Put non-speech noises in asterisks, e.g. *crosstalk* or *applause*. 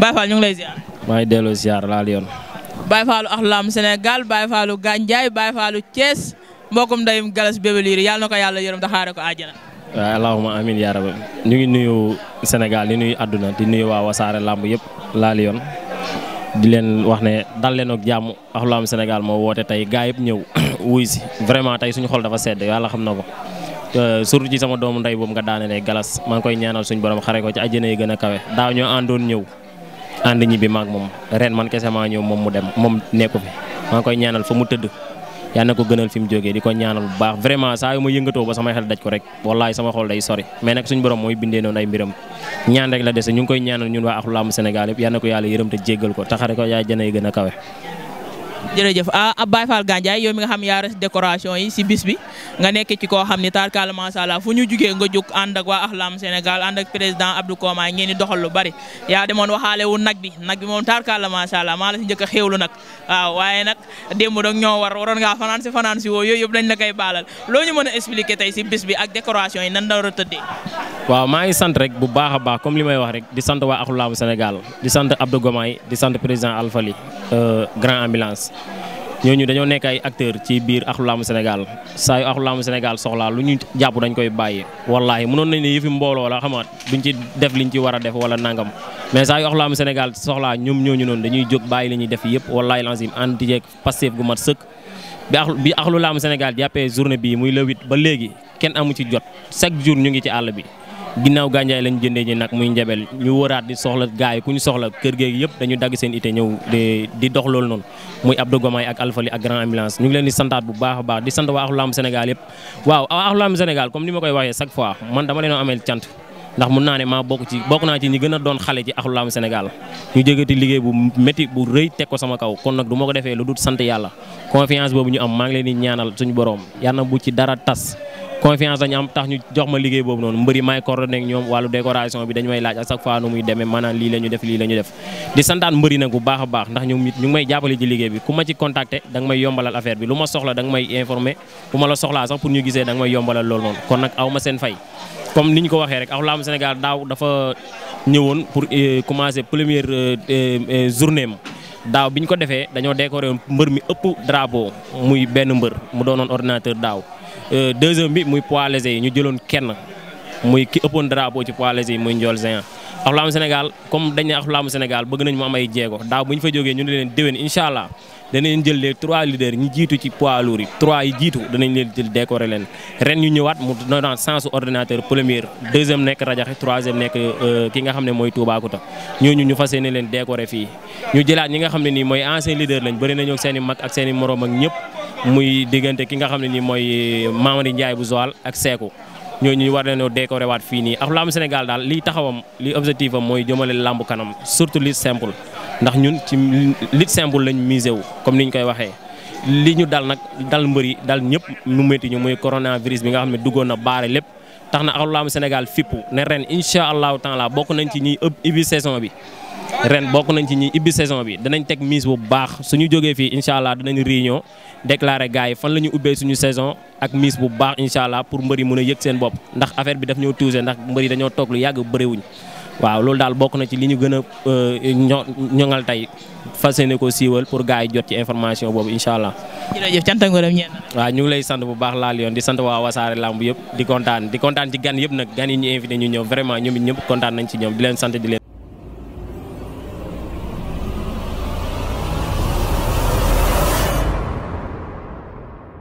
Baye Fall ñu ngi lay ziar. maa delloo ziar laal yoon. Baye Fallu ak lam Sénégal Baye Fallu Gandiaye Baye Fallu Thiès mbokkum ndeyum Galas Bébé Lirou na ko yàlla yërëm taxaare ko àjjana. waaw allahumma amiin yaa ñu ngi nuyu Sénégal di nuyu àdduna di nuyu waa wasaare yëpp laal yoon di leen wax ne dal leen ak jàmm ak lam Sénégal moo woote tey gaa yëpp ñëw *coughs* wuy si vraiment tey suñu xol dafa sedd yàlla xam na ko. surtout ci sama doomu ndey boobu nga daane ne Galas maa ngi koy ñaanal suñu borom xare ko ci àjjana yi gën a kawe daa ñoo àndoon ñëw. ànd ñibbi maak moom ren man kese maa ñëw moom mu dem moom nekku fi maa ngi koy ñaanal fa mu tëdd yaa na ko gënal fi jógee di ko ñaanal baax vraiment saa yu ma yëngatoo ba sama xel daj ko rek wallaay sama xol day sori mais nag suñu borom mooy bindee noonu ay mbiram ñaan rek la dese ñu koy ñaanal ñun waa Ahlou Lamb yaa na ko yàlla yërëm jéggal ko taxare ko yaa janay gën a kawe jërëjëf ah, ah Baye Fall Gandiaye yow mi nga xam yaa res décoration yi si bis bi nga nekk ci koo xam ni tarkaal macha allah fu ñu jugee nga jóg ànd ak waa Ahlam Sénégal ànd ak président Abdou Koma ngeen di doxal lu bari yaa demoon waxaale wu nag bi nag bi moom tarkaal macha allah maa la si a xéewlu nag waaw waaye nag démb ñoo war waroon ngaa fanaan si yooyu yëpp dañ la koy tey si bis bi ak décoration yi nan la war a tëddee. waaw maa ngi sant rek bu baax a baax comme li may wax rek di sant waa Ahlam Sénégal di sant Abdou Koma di sant président Alfali Euh, Grand Ambulance ñooñu dañoo nekk ay acteur ci biir axlu laamu Sénégal saa yu axlu laamu Sénégal soxlaa lu ñu jàpp dañ koy bàyyi wallaahi mënoon nañ ne yëfi mbooloo la xam nga duñ ci def ñu ci war a def wala nangam mais saa yu axlu laamu Sénégal soxlaa ñoom ñooñu noonu dañuy jóg bàyyi li ñuy def yëpp wallaahi lancim anti jeeg Pastef gu mat sëkk bi axlu bi axlu laamu Sénégal jàppee journée bii muy le 8 ba léegi kenn amu ci jot chaque jour ñu ngi ci àll bi ginnaaw gànjaay lañ jëndee ji nag muy njabel ñu wëraat di soxla gars ku ñu soxla kër géegi yëpp dañu dagg seen ité ñëw di dox loolu noonu muy Abdou ak Alfali ak Grand Ambulance ñu ngi leen di santaat bu baax a baax di sant waa Axlu Lamb Sénégal yëpp waaw waa Axlu Lamb Sénégal comme ni ma koy waxee chaque fois man dama leen ameel cant ndax mun naa ne maa bokk ci bokk naa ci ñi gën doon xale ci axlu Sénégal ñu jégati liggéey bu métti bu rëy teg ko sama kaw kon nag du ma ko defee lu dul sant yàlla confiance boobu ñu am maa ngi leen di ñaanal suñu borom yàlla bu ci dara tas confiance dañu am tax ñu jox ma liggéey boobu noonu mbëri maay coordonné ak ñoom wàllu décoration bi dañu lii la ñu def lii la ñu def di santaan mbëri nag bu baax a baax ndax ñoom it ñu ngi may jàppale ci liggéey bi ku ma ci contacté da may yombalal affaire bi lu ma soxla da nga may informé bu ma la soxlaa sax pour ñu gisee da nga may yombalal loolu noonu kon nag aw comme ni ñu ko waxee rek ak laamu Sénégal daaw dafa ñëwoon pour eh, commencer première eh, eh, journée am daaw bi ñu ko defee dañoo décoré mbër mi ëpp drapeau muy benn mbër mu doonoon ordinateur daaw deuxième bi muy poids légers ñu jëloon kenn muy ki ëppoon drapeau ci poids légers yi muy Ndiol Géant ak laamu Sénégal comme dañ a ak laamu Sénégal bëgg nañ mu am ay jéego daaw bu ñu fa jógee ñu ne leen déwén incha allah danañ jël les trois leaders ñi jiitu ci poids lourd yi trois yi jiitu danañ leen jël décorer leen ren ñu ñëwaat mu dans sens ordinateur premier deuxième nekk Radiakhé troisième nekk euh, ki nga xam ne mooy Toubacouta ñooñu ñu fas yéene leen décorer fii. ñu jëlaat ñi nga xam ne nii mooy ancien leader lañ bëri nañoo seeni seen mag ak seeni i morom ak muy diggante ki nga xam ne nii mooy euh, Mamady Ndiaye bu Joal ak Seeku. ñooñu ñu war leen a décorer waat fii nii ak làmb Sénégal daal liy taxawam li objectif am mooy jëmale làmb kanam surtout lutte simple ndax ñun ci lutte simple lañ misé wu comme ni ñu koy waxee. li ñu dal nag dal mbëri dal ñëpp nu métti ñu muy coronavirus bi nga xam ne duggoon na baare lépp tax na ak làmb Sénégal fippu ne ren incha allahu taala bokk nañ ci ñiy ubbi saison bi. ren bokk nañ ci ñi ibbi saison bi danañ teg mise bu baax suñu jógee fii incha allah dinañ réunion déclaré gars fan la ñu ubbee suñu saison ak mise bu baax incha allah pour mbër yi a yëg seen bopp ndax affaire bi daf ñoo tuuse ndax mbër dañoo toog lu yàgg bëriwuñ waaw loolu daal bokk na ci li ñu gën a euh, ño ñoŋal ko siiwal pour gars yi jot ci information boobu incha allah. jërëjëf cant ak ñu ngi lay sant bu baax laal yoon di sant waa wasaare lamb yëpp di kontaan di